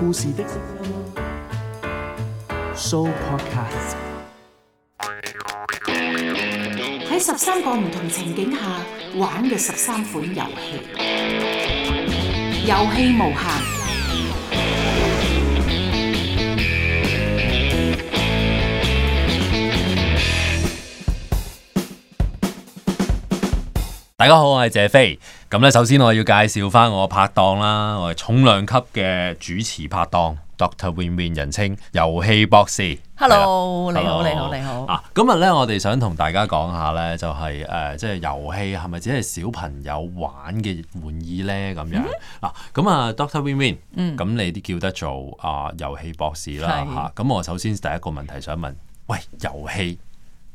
故事的 Show Podcast 喺十三個唔同情景下玩嘅十三款遊戲，遊戲無限。大家好，我係謝飛。咁咧，首先我要介紹翻我拍檔啦，我係重量級嘅主持拍檔 Doctor Win Win，人稱遊戲博士。Hello，Hello. 你好，你好，你好。啊，今日咧我哋想同大家講下咧、就是，就係誒，即係遊戲係咪只係小朋友玩嘅玩意咧？咁樣嗱，咁、hmm. 啊、嗯、Doctor Win Win，咁、mm hmm. 你啲叫得做啊遊戲博士啦吓。咁的、啊、我首先第一個問題想問，喂，遊戲？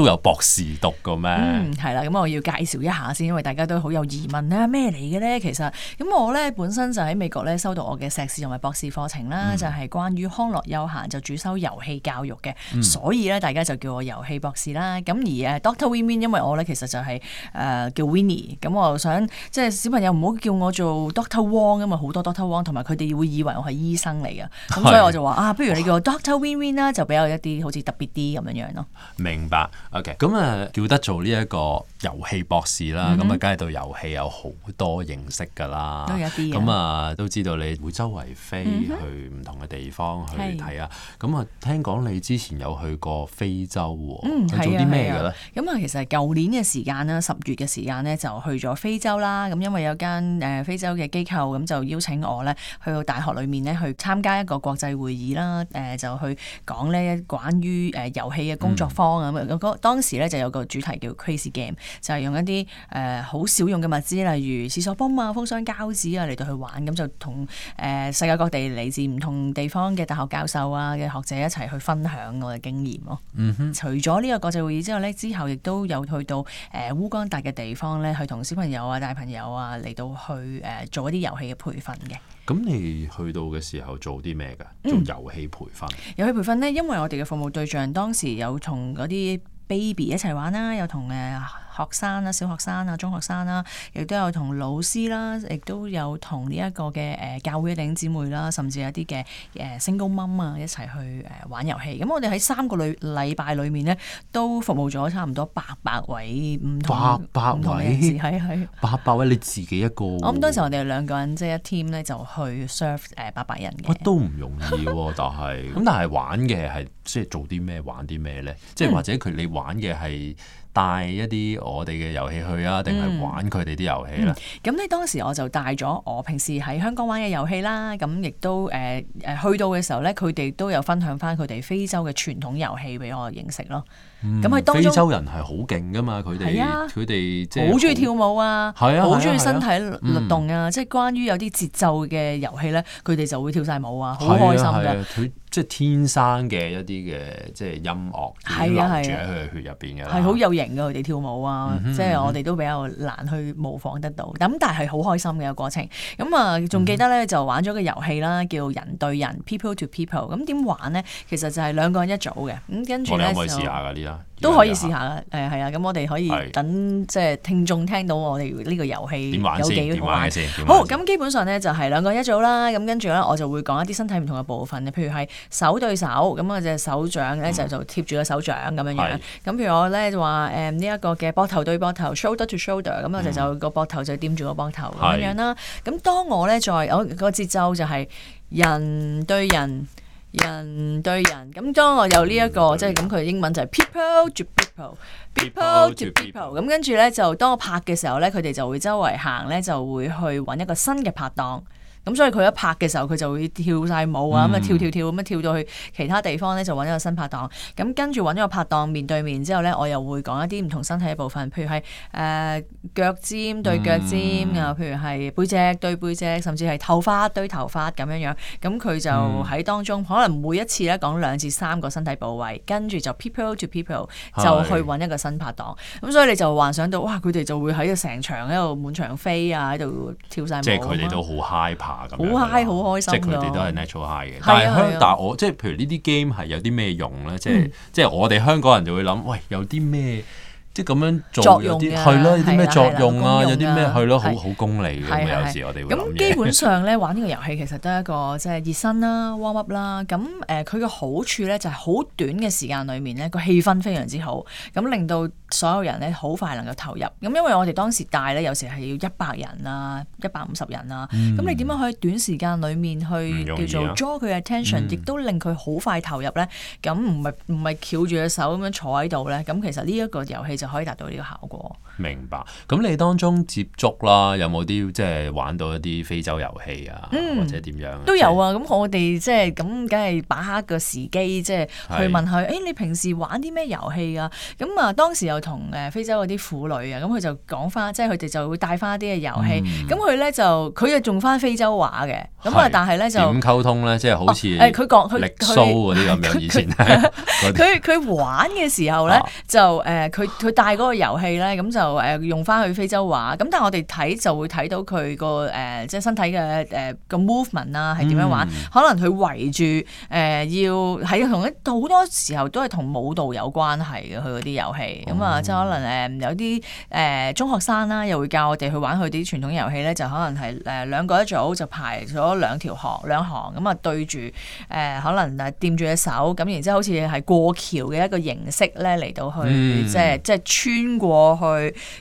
都有博士讀嘅咩？嗯，係啦，咁我要介紹一下先，因為大家都好有疑問咧，咩嚟嘅咧？其實咁我咧本身就喺美國咧收到我嘅碩士同埋博士課程啦，嗯、就係關於康樂休閒就主修遊戲教育嘅，嗯、所以咧大家就叫我遊戲博士啦。咁而 Doctor Win Win, 因為我咧其實就係、是、誒、呃、叫 Winnie，咁、嗯、我又想即係、就是、小朋友唔好叫我做 Doctor Wong 吖嘛，好多 Doctor Wong 同埋佢哋會以為我係醫生嚟㗎，咁的所以我就話啊，不如你叫我 Doctor Win Win 啦，就比較一啲好似特別啲咁樣樣咯。明白。OK，咁啊叫得做呢一個遊戲博士啦，咁啊梗係對遊戲有好多認識噶啦，都有啲。咁、hmm. 啊都知道你會周圍飛、mm hmm. 去唔同嘅地方去睇啊，咁啊、mm hmm. 聽講你之前有去過非洲喎，係啊，係啊，做啲咩嘅咧？咁啊其實舊年嘅時間啦，十月嘅時間咧就去咗非洲啦，咁因為有間誒非洲嘅機構咁就邀請我咧去到大學裡面咧去參加一個國際會議啦，誒就去講咧關於誒遊戲嘅工作坊啊咁、mm hmm. 當時咧就有個主題叫 Crazy Game，就係用一啲誒好少用嘅物資，例如廁所泵啊、封箱膠紙啊，嚟到去玩，咁就同誒、呃、世界各地嚟自唔同地方嘅大學教授啊嘅學者一齊去分享我嘅經驗咯。嗯哼，除咗呢個國際會議之外咧，之後亦都有去到誒、呃、烏干達嘅地方咧，去同小朋友啊、大朋友啊嚟到去誒、呃、做一啲遊戲嘅培訓嘅。咁你去到嘅時候做啲咩㗎？做遊戲培訓？嗯。遊戲培訓呢，因為我哋嘅服務對象當時有同嗰啲 baby 一齊玩啦，有同誒。啊學生啦、小學生啊、中學生啦，亦都有同老師啦，亦都有同呢一個嘅誒教會弟兄姊妹啦，甚至有啲嘅誒星工蚊 single mom 啊，一齊去誒玩遊戲。咁我哋喺三個禮禮拜裏面咧，都服務咗差唔多八百位唔同八百位，八百位你自己一個。我咁當時我哋兩個人即係一 team 咧、啊， 就去 serve 誒八百人嘅。都唔容易喎，但係咁但係玩嘅係即係做啲咩玩啲咩咧？即係或者佢你玩嘅係帶一啲。我哋嘅遊戲去啊，定係玩佢哋啲遊戲啦。咁咧當時我就帶咗我平時喺香港玩嘅遊戲啦。咁亦都誒誒去到嘅時候咧，佢哋都有分享翻佢哋非洲嘅傳統遊戲俾我認識咯。咁喺當非洲人係好勁噶嘛，佢哋佢哋即好中意跳舞啊，係啊，好中意身體律動啊。即係關於有啲節奏嘅遊戲咧，佢哋就會跳晒舞啊，好開心㗎。即係天生嘅一啲嘅即係音樂，住喺佢嘅血入邊嘅，係好有型嘅佢哋跳舞啊！嗯、哼即係我哋都比較難去模仿得到。咁但係好開心嘅一個過程。咁、嗯、啊，仲記得咧就玩咗個遊戲啦，叫人對人 （people to people）。咁點玩咧？其實就係兩個人一組嘅。咁跟住咧我哋可唔可以試下㗎呢？啊！都可以試下啦，誒係啊，咁、嗯、我哋可以等的即係聽眾聽到我哋呢個遊戲有幾好玩。好，咁，基本上咧就係兩個一組啦，咁跟住咧我就會講一啲身體唔同嘅部分嘅，譬如係手對手，咁我隻手掌咧就就貼住個手掌咁樣、嗯、樣。咁的譬如我咧就話誒呢一、嗯呢個嘅膊頭對膊頭，shoulder to shoulder，咁我就就個膊頭就掂住個膊頭咁樣啦。咁當我咧在我個節奏就係人對人。人對人咁，當我有呢一個即係咁，佢英文就係 people to people，people to people。咁跟住咧，就當我拍嘅時候咧，佢哋就會周圍行咧，就會去搵一個新嘅拍檔。咁、嗯、所以佢一拍嘅時候，佢就會跳晒舞啊！咁啊、嗯、跳跳跳咁啊跳到去其他地方咧，就揾一個新拍檔。咁跟住揾一個拍檔面對面之後咧，我又會講一啲唔同身體嘅部分，譬如係誒腳尖對腳尖啊，嗯、譬如係背脊對背脊，甚至係頭髮對頭髮咁樣樣。咁佢就喺當中、嗯、可能每一次咧講兩至三個身體部位，跟住就 people to people 是就去揾一個新拍檔。咁所以你就幻想到哇！佢哋就會喺度成場喺度滿場飛啊，喺度跳晒舞。即係佢哋都好 high。好 high，好開心。即係佢哋都係 natural high 嘅。但係香，但係我即係譬如呢啲 game 係有啲咩用咧？嗯、即係即係我哋香港人就會諗，喂，有啲咩？即咁樣做啲係咯，啲咩作用啊？有啲咩係咯，好好功利嘅。有時我哋會。咁基本上咧，玩呢個遊戲其實都係一個即係熱身啦、warm up 啦。咁誒，佢嘅好處咧就係好短嘅時間裏面咧，個氣氛非常之好，咁令到所有人咧好快能夠投入。咁因為我哋當時帶咧，有時係要一百人啊，一百五十人啊。咁你點樣喺短時間裏面去叫做 draw 佢 attention，亦都令佢好快投入咧？咁唔係唔係翹住隻手咁樣坐喺度咧？咁其實呢一個遊戲。就可以達到呢個效果。明白。咁你當中接觸啦，有冇啲即係玩到一啲非洲遊戲啊？或者點樣？都有啊。咁我哋即係咁，梗係把握個時機，即係去問佢：「誒，你平時玩啲咩遊戲啊？咁啊，當時又同誒非洲嗰啲婦女啊，咁佢就講翻，即係佢哋就會帶翻啲嘅遊戲。咁佢咧就佢又仲翻非洲話嘅。咁啊，但係咧就點溝通咧？即係好似誒，佢講力蘇嗰啲咁樣。以前佢佢玩嘅時候咧，就誒佢。帶嗰個遊戲咧，咁就誒、呃、用翻去非洲話。咁但係我哋睇就會睇到佢個誒即係身體嘅誒個 movement 啦，係點樣玩？嗯、可能佢圍住誒要係同一好多時候都係同舞蹈有關係嘅佢啲遊戲，咁、嗯、啊，即係可能誒有啲誒、呃、中學生啦，又會教我哋去玩佢啲傳統遊戲咧，就可能係誒兩個一組就排咗兩條行兩行咁啊，對住誒、呃、可能誒掂住隻手咁，然之後好似係過橋嘅一個形式咧嚟到去、嗯、即係是即係。穿過去，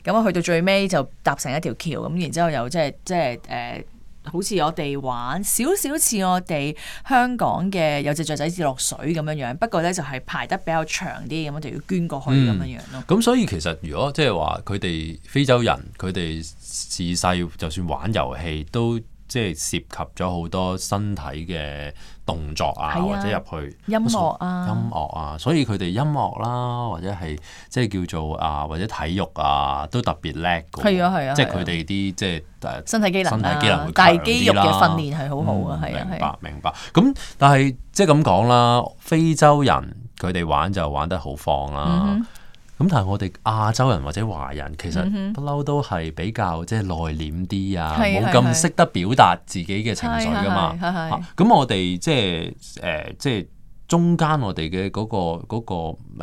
咁啊去到最尾就搭成一條橋咁，然之後又即係即係誒，好似我哋玩少少似我哋香港嘅有隻雀仔跌落水咁樣樣，不過呢，就係、是、排得比較長啲，咁我哋要捐過去咁樣樣咯。咁、嗯、所以其實如果即係話佢哋非洲人，佢哋自細就算玩遊戲都。即係涉及咗好多身體嘅動作啊，啊或者入去音樂啊、音樂啊，所以佢哋音樂啦，或者係即係叫做啊，或者體育啊，都特別叻㗎。係啊係啊，啊即係佢哋啲即係身體機能、啊、身體機能會，但係肌肉嘅訓練係好好、嗯、啊，係啊明白、啊、明白。咁但係即係咁講啦，非洲人佢哋玩就玩得好放啦。嗯咁但係我哋亞洲人或者華人其實不嬲都係比較即係內斂啲啊，冇咁識得表達自己嘅情緒噶嘛。咁、嗯哼啊、我哋即係誒即係中間我哋嘅嗰個嗰個、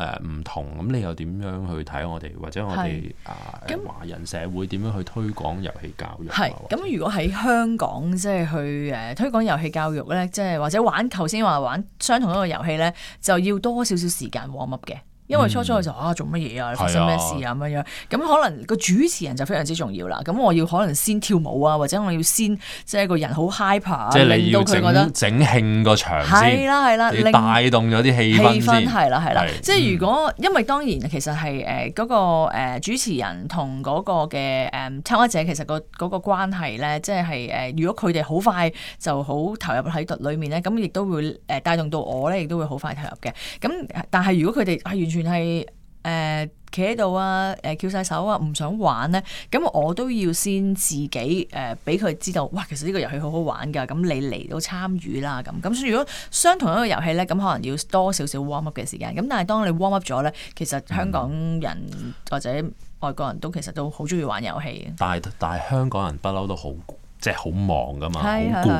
呃、唔同，咁你又點樣去睇我哋或者我哋啊？咁、呃、華人社會點樣去推廣遊戲教育？係咁，如果喺香港即係去誒、呃、推廣遊戲教育咧，即係或者玩頭先話玩相同一個遊戲咧，就要多少少時間 warm up 嘅。因為初初佢就啊，做乜嘢啊？發生咩事啊？咁是的 樣，咁可能個主持人就非常之重要啦。咁我要可能先跳舞啊，或者我要先即係個人好 hyper 啊，令到佢覺得整慶個場先，係啦係啦，令帶動咗啲氣氛先係啦係啦。即係如果因為當然其實係誒嗰個主持人同嗰個嘅誒參加者其實個嗰個關係咧，即係誒如果佢哋好快就好投入喺度裡面咧，咁亦都會誒帶動到我咧，亦都會好快投入嘅。咁但係如果佢哋係完全。全係誒企喺度啊，誒翹晒手啊，唔想玩咧，咁我都要先自己誒俾佢知道，哇，其實呢個遊戲好好玩㗎，咁你嚟到參與啦，咁咁所以如果相同一個遊戲咧，咁可能要多少少 warm up 嘅時間，咁但係當你 warm up 咗咧，其實香港人或者外國人都其實都好中意玩遊戲，嗯、但係但係香港人不嬲都好。即係好忙㗎嘛，好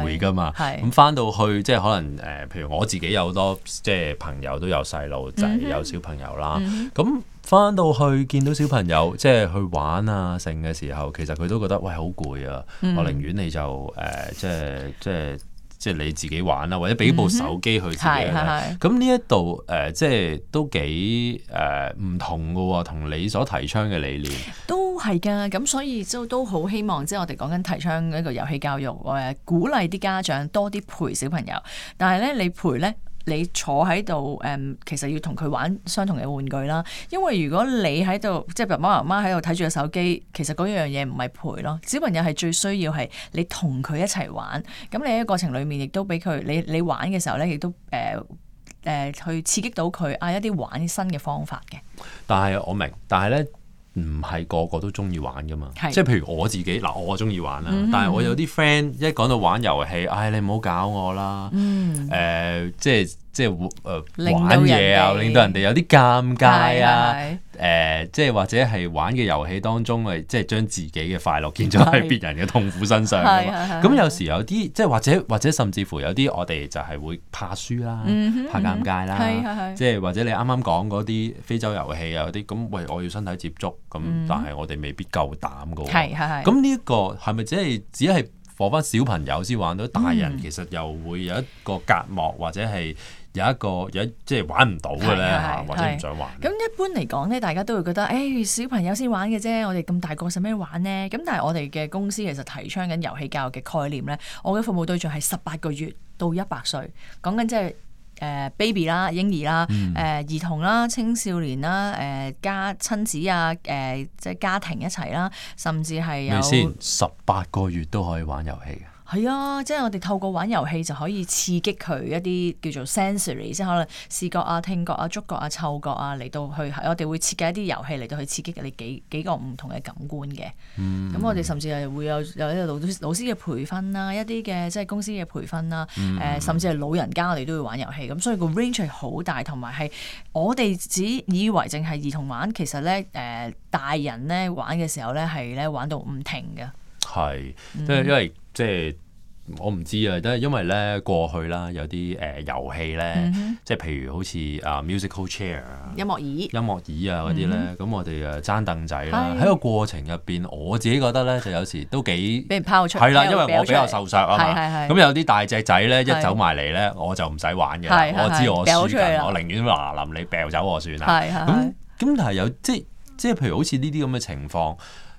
攰㗎嘛。咁返到去，即係可能誒、呃，譬如我自己有好多，即係朋友都有細路仔，嗯、哼有小朋友啦。咁返、嗯、哼到去見到小朋友，即係去玩啊剩嘅時候，其實佢都覺得喂好攰啊。嗯、我寧願你就誒、呃，即係即係。即係你自己玩啦，或者俾部手機去睇。咁呢一度誒，即係都幾誒唔、呃、同嘅喎、哦，同你所提倡嘅理念都係㗎。咁所以都都好希望，即係我哋講緊提倡一個遊戲教育，誒鼓勵啲家長多啲陪小朋友。但係咧，你陪咧。你坐喺度，誒，其實要同佢玩相同嘅玩具啦。因為如果你喺度，即係爸爸媽媽喺度睇住個手機，其實嗰樣嘢唔係陪咯。小朋友係最需要係你同佢一齊玩。咁你喺過程裡面亦都俾佢，你你玩嘅時候咧，亦都誒誒去刺激到佢啊一啲玩新嘅方法嘅。但係我明，但係咧。唔係個個都中意玩噶嘛，是即係譬如我自己，嗱我中意玩啦、啊，mm hmm. 但係我有啲 friend 一講到玩遊戲，唉、哎、你唔好搞我啦，誒、mm hmm. 呃、即係即係玩嘢啊，呃、令到人哋、啊、有啲尷尬啊。誒、呃，即係或者係玩嘅遊戲當中，係即係將自己嘅快樂建咗喺別人嘅痛苦身上。咁 有時有啲，即係或者或者甚至乎有啲，我哋就係會怕輸啦，嗯、哼怕尷尬啦。嗯嗯、是是是即係或者你啱啱講嗰啲非洲遊戲啊啲，咁、嗯、喂我要身體接觸，咁但係我哋未必夠膽噶。咁呢一個係咪只係只係放翻小朋友先玩到？嗯、大人其實又會有一個隔膜或者係。有一個，有即係玩唔到嘅咧嚇，係嘅係或者唔想玩。咁一般嚟講咧，大家都會覺得，誒、欸、小朋友先玩嘅啫，我哋咁大個使咩玩呢？」咁但係我哋嘅公司其實提倡緊遊戲教育嘅概念咧，我嘅服務對象係十八個月到一百歲，講緊即係誒 baby 啦、嬰兒啦、誒、嗯呃、兒童啦、青少年啦、誒、呃、家親子啊、誒、呃、即係家庭一齊啦，甚至係有十八個月都可以玩遊戲。係啊，即係我哋透過玩遊戲就可以刺激佢一啲叫做 sensory，即係可能視覺啊、聽覺啊、觸覺啊、嗅覺啊嚟到去。我哋會設計一啲遊戲嚟到去刺激你幾幾個唔同嘅感官嘅。咁、嗯、我哋甚至係會有有一個老師老師嘅培訓啦、啊，一啲嘅即係公司嘅培訓啦、啊。誒、嗯呃，甚至係老人家我哋都會玩遊戲咁，所以個 range 係好大，同埋係我哋只以為淨係兒童玩，其實咧誒、呃、大人咧玩嘅時候咧係咧玩到唔停嘅。係，嗯、因為因為。即係我唔知啊，即係因為咧過去啦，有啲誒遊戲咧，即係譬如好似啊 musical chair、音樂椅、音樂椅啊嗰啲咧，咁我哋誒爭凳仔啦。喺個過程入邊，我自己覺得咧，就有時都幾俾人拋出，係啦，因為我比較瘦削啊，嘛。咁有啲大隻仔咧，一走埋嚟咧，我就唔使玩嘅，我知我輸緊，我寧願嗱，臨你，掉走我算啦。係咁但係有即係即係譬如好似呢啲咁嘅情況。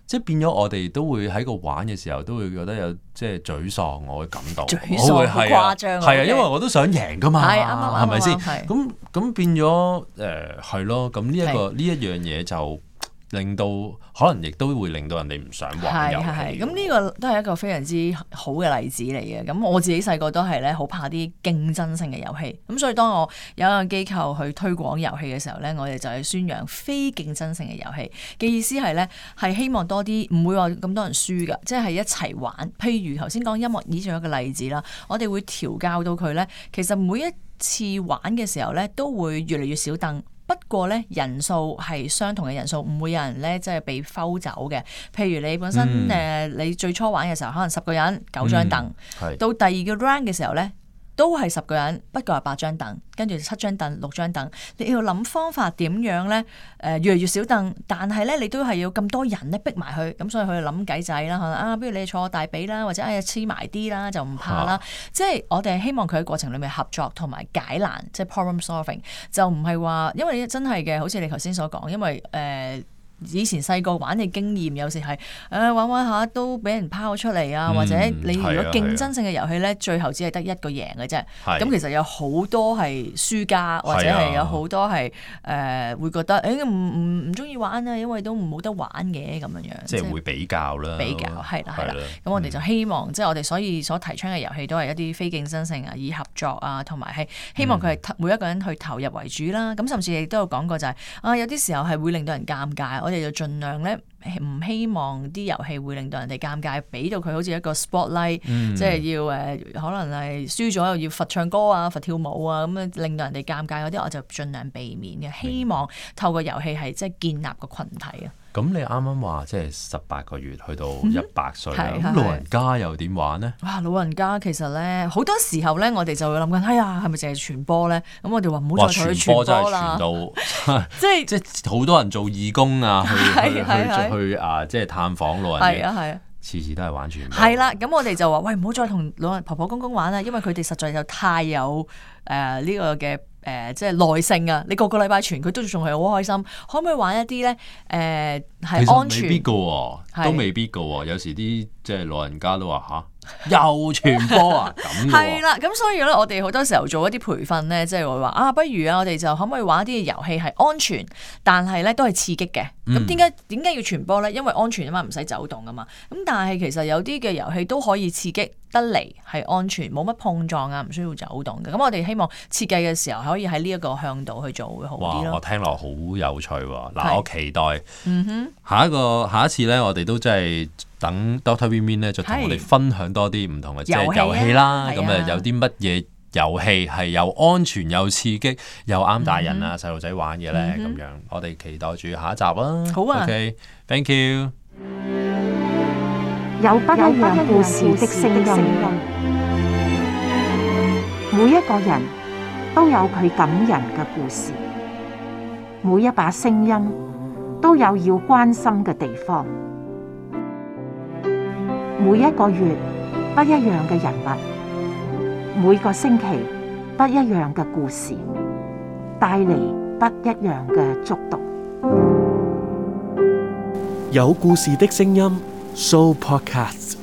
即係變咗，我哋都會喺個玩嘅時候都會覺得有即係沮喪我，我會感到我好誇張，係啊，啊因為我都想贏㗎嘛，係咪先？咁咁變咗誒係咯，咁呢一個呢一樣嘢就，令到可能亦都會令到人哋唔想玩遊戲。係係，咁呢個都係一個非常之好嘅例子嚟嘅。咁我自己細個都係咧，好怕啲競爭性嘅遊戲。咁所以當我有一個機構去推廣遊戲嘅時候咧，我哋就係宣揚非競爭性嘅遊戲嘅意思係咧，係希望多啲唔會話咁多人輸㗎，即係一齊玩。譬如頭先講音樂椅上一個例子啦，我哋會調教到佢咧，其實每一次玩嘅時候咧，都會越嚟越少凳。不過咧，人數係相同嘅人數，唔會有人咧，即係被摟走嘅。譬如你本身誒、嗯呃，你最初玩嘅時候，可能十個人九張凳，嗯、到第二個 round 嘅時候咧。都係十個人，不過係八張凳，跟住七張凳、六張凳，你要諗方法點樣呢？誒、呃，越嚟越少凳，但係呢，你都係要咁多人咧逼埋去，咁所以佢就諗計仔啦。啊，不如你坐我大髀啦，或者哎黐埋啲啦，就唔怕啦。哈 即係我哋希望佢喺過程裡面合作同埋解難，即係 problem solving。就唔係話，因為真係嘅，好似你頭先所講，因為誒。呃以前細個玩嘅經驗，有時係誒、啊、玩玩下都俾人拋出嚟啊，嗯、或者你如果競爭性嘅遊戲咧，嗯、最後只係得一個贏嘅啫。咁的、嗯、其實有好多係輸家，或者係有好多係誒、呃、會覺得誒唔唔唔中意玩啊，因為都冇得玩嘅咁樣樣。即係會比較啦，比較係啦係啦。咁我哋就希望即係我哋所以所提倡嘅遊戲都係一啲非競爭性啊，以合作啊，同埋係希望佢係每一個人去投入為主啦。咁甚至亦都有講過就係、是、啊，有啲時候係會令到人尷尬。我哋就盡量咧，唔希望啲遊戲會令到人哋尷尬，俾到佢好似一個 spotlight，嗯、即係要誒，可能係輸咗又要罰唱歌啊、罰跳舞啊，咁樣令到人哋尷尬嗰啲，我就盡量避免嘅。希望透過遊戲係即係建立個群體啊。咁你啱啱話即係十八個月去到一百歲，嗯、老人家又點玩呢？哇！老人家其實咧好多時候咧，我哋就會諗緊，哎呀，係咪淨係傳波咧？咁我哋話唔好再傳去傳波啦。即係即係好多人做義工啊，去 是去去，去，去啊，即係探訪老人家，次、啊啊、次都係玩傳。係啦、啊，咁我哋就話喂，唔好再同老人婆婆公公玩啦，因為佢哋實在就太有誒呢、呃這個嘅。這個這個誒、呃，即係耐性啊！你個個禮拜傳，佢都仲係好開心。可唔可以玩一啲咧？誒、呃。係安全，其實未必噶、哦，都未必噶、哦。是有時啲即係老人家都話吓，又傳播啊咁。係啦 咁所以咧，我哋好多時候做一啲培訓咧，即、就、係、是、會話啊，不如啊，我哋就可唔可以玩一啲嘅遊戲係安全，但係咧都係刺激嘅。咁點解點解要傳播咧？因為安全啊嘛，唔使走動啊嘛。咁但係其實有啲嘅遊戲都可以刺激得嚟，係安全，冇乜碰撞啊，唔需要走動嘅。咁我哋希望設計嘅時候可以喺呢一個向度去做會好啲咯。哇，我聽落好有趣、哦。嗱，我期待是。嗯哼。下一個下一次咧，我哋都真係等 Doctor Bin Bin 咧，就同我哋分享多啲唔同嘅是即係遊戲啦。咁啊，有啲乜嘢遊戲係又安全又刺激又啱大人啊細路仔玩嘅咧？咁、嗯、哼樣我哋期待住下一集啦！好啊，OK，Thank、okay, you。有不一樣故事的聲音，每一個人都有佢感人嘅故事，每一把聲音。都有要關心嘅地方，每一個月，不一樣嘅人物，每個星期，不一樣嘅故事，帶嚟不一樣嘅觸動。有故事的聲音，Show Podcast。